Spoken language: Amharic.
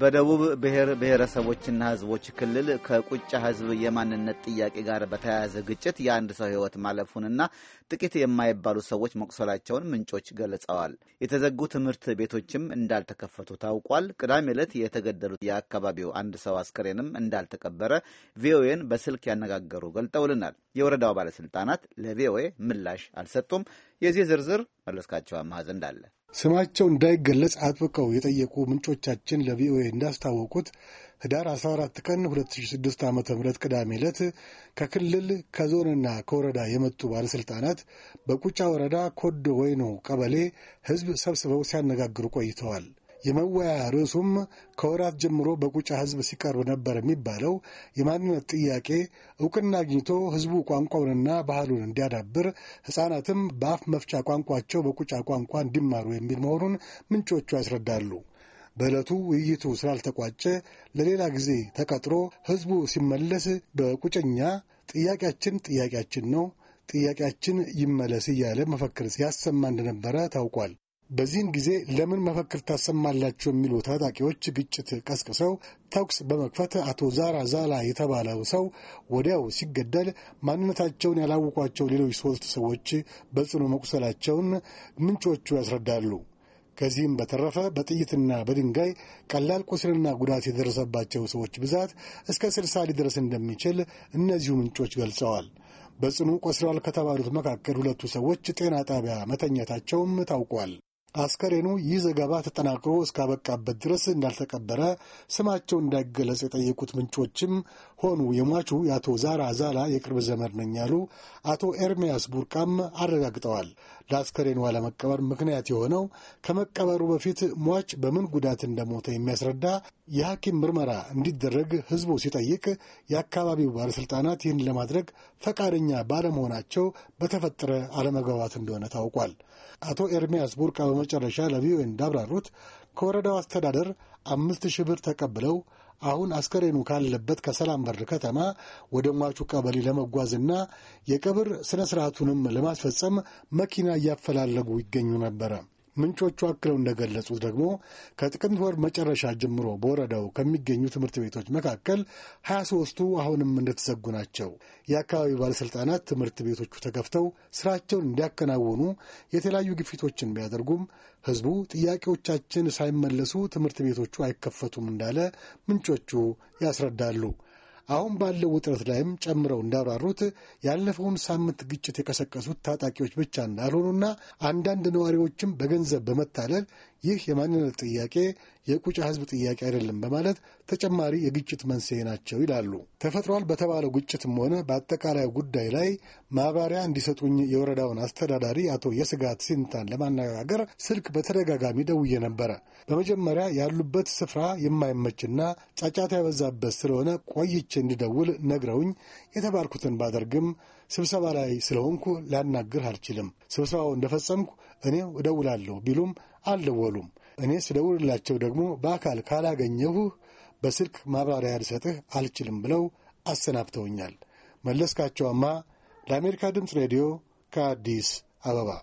በደቡብ ብሔር ብሔረሰቦችና ሕዝቦች ክልል ከቁጫ ሕዝብ የማንነት ጥያቄ ጋር በተያያዘ ግጭት የአንድ ሰው ሕይወት ማለፉንና ጥቂት የማይባሉ ሰዎች መቁሰላቸውን ምንጮች ገልጸዋል። የተዘጉ ትምህርት ቤቶችም እንዳልተከፈቱ ታውቋል። ቅዳሜ ዕለት የተገደሉት የአካባቢው አንድ ሰው አስከሬንም እንዳልተቀበረ ቪኦኤን በስልክ ያነጋገሩ ገልጠውልናል። የወረዳው ባለስልጣናት ለቪኦኤ ምላሽ አልሰጡም። የዚህ ዝርዝር መለስካቸው አማሃ እንዳለ ስማቸው እንዳይገለጽ አጥብቀው የጠየቁ ምንጮቻችን ለቪኦኤ እንዳስታወቁት ህዳር 14 ቀን 2006 ዓ ም ቅዳሜ ዕለት ከክልል ከዞንና ከወረዳ የመጡ ባለሥልጣናት በቁጫ ወረዳ ኮዶ ወይኖ ቀበሌ ሕዝብ ሰብስበው ሲያነጋግሩ ቆይተዋል። የመወያያ ርዕሱም ከወራት ጀምሮ በቁጫ ህዝብ ሲቀርብ ነበር የሚባለው የማንነት ጥያቄ እውቅና አግኝቶ ህዝቡ ቋንቋውንና ባህሉን እንዲያዳብር፣ ሕፃናትም በአፍ መፍቻ ቋንቋቸው በቁጫ ቋንቋ እንዲማሩ የሚል መሆኑን ምንጮቹ ያስረዳሉ። በዕለቱ ውይይቱ ስላልተቋጨ ለሌላ ጊዜ ተቀጥሮ ህዝቡ ሲመለስ በቁጭኛ ጥያቄያችን ጥያቄያችን ነው ጥያቄያችን ይመለስ እያለ መፈክር ሲያሰማ እንደነበረ ታውቋል። በዚህን ጊዜ ለምን መፈክር ታሰማላችሁ የሚሉ ታጣቂዎች ግጭት ቀስቅሰው ተኩስ በመክፈት አቶ ዛራ ዛላ የተባለው ሰው ወዲያው ሲገደል ማንነታቸውን ያላወቋቸው ሌሎች ሶስት ሰዎች በጽኑ መቁሰላቸውን ምንጮቹ ያስረዳሉ። ከዚህም በተረፈ በጥይትና በድንጋይ ቀላል ቁስልና ጉዳት የደረሰባቸው ሰዎች ብዛት እስከ ስልሳ ሊደረስ እንደሚችል እነዚሁ ምንጮች ገልጸዋል። በጽኑ ቆስለዋል ከተባሉት መካከል ሁለቱ ሰዎች ጤና ጣቢያ መተኛታቸውም ታውቋል። አስከሬኑ ይህ ዘገባ ተጠናቅሮ እስካበቃበት ድረስ እንዳልተቀበረ ስማቸው እንዳይገለጽ የጠየቁት ምንጮችም ሆኑ የሟቹ የአቶ ዛራ ዛላ የቅርብ ዘመድ ነኝ ያሉ አቶ ኤርሚያስ ቡርቃም አረጋግጠዋል። ለአስከሬኑ አለመቀበር ምክንያት የሆነው ከመቀበሩ በፊት ሟች በምን ጉዳት እንደሞተ የሚያስረዳ የሐኪም ምርመራ እንዲደረግ ህዝቡ ሲጠይቅ የአካባቢው ባለሥልጣናት ይህን ለማድረግ ፈቃደኛ ባለመሆናቸው በተፈጠረ አለመግባባት እንደሆነ ታውቋል። አቶ ኤርሚያስ ቡርቃ በመጨረሻ ለቪኦኤ እንዳብራሩት ከወረዳው አስተዳደር አምስት ሺህ ብር ተቀብለው አሁን አስከሬኑ ካለበት ከሰላም በር ከተማ ወደ ሟቹ ቀበሌ ለመጓዝና የቀብር ሥነ ሥርዓቱንም ለማስፈጸም መኪና እያፈላለጉ ይገኙ ነበረ። ምንጮቹ አክለው እንደገለጹት ደግሞ ከጥቅምት ወር መጨረሻ ጀምሮ በወረዳው ከሚገኙ ትምህርት ቤቶች መካከል ሀያ ሶስቱ አሁንም እንደተዘጉ ናቸው። የአካባቢው ባለሥልጣናት ትምህርት ቤቶቹ ተከፍተው ስራቸውን እንዲያከናውኑ የተለያዩ ግፊቶችን ቢያደርጉም ህዝቡ ጥያቄዎቻችን ሳይመለሱ ትምህርት ቤቶቹ አይከፈቱም እንዳለ ምንጮቹ ያስረዳሉ። አሁን ባለው ውጥረት ላይም ጨምረው እንዳብራሩት ያለፈውን ሳምንት ግጭት የቀሰቀሱት ታጣቂዎች ብቻ እንዳልሆኑና አንዳንድ ነዋሪዎችም በገንዘብ በመታለል ይህ የማንነት ጥያቄ የቁጫ ህዝብ ጥያቄ አይደለም በማለት ተጨማሪ የግጭት መንስኤ ናቸው ይላሉ። ተፈጥሯል በተባለው ግጭትም ሆነ በአጠቃላይ ጉዳይ ላይ ማብራሪያ እንዲሰጡኝ የወረዳውን አስተዳዳሪ አቶ የስጋት ሲንታን ለማነጋገር ስልክ በተደጋጋሚ ደውዬ ነበረ። በመጀመሪያ ያሉበት ስፍራ የማይመችና ጫጫታ የበዛበት ስለሆነ ቆይቼ እንዲደውል ነግረውኝ የተባልኩትን ባደርግም ስብሰባ ላይ ስለሆንኩ ላናግርህ አልችልም፣ ስብሰባው እንደፈጸምኩ እኔ እደውላለሁ ቢሉም አልደወሉም። እኔ ስደውልላቸው ደግሞ በአካል ካላገኘሁህ በስልክ ማብራሪያ ልሰጥህ አልችልም ብለው አሰናብተውኛል። መለስካቸዋማ ለአሜሪካ ድምፅ ሬዲዮ ከአዲስ አበባ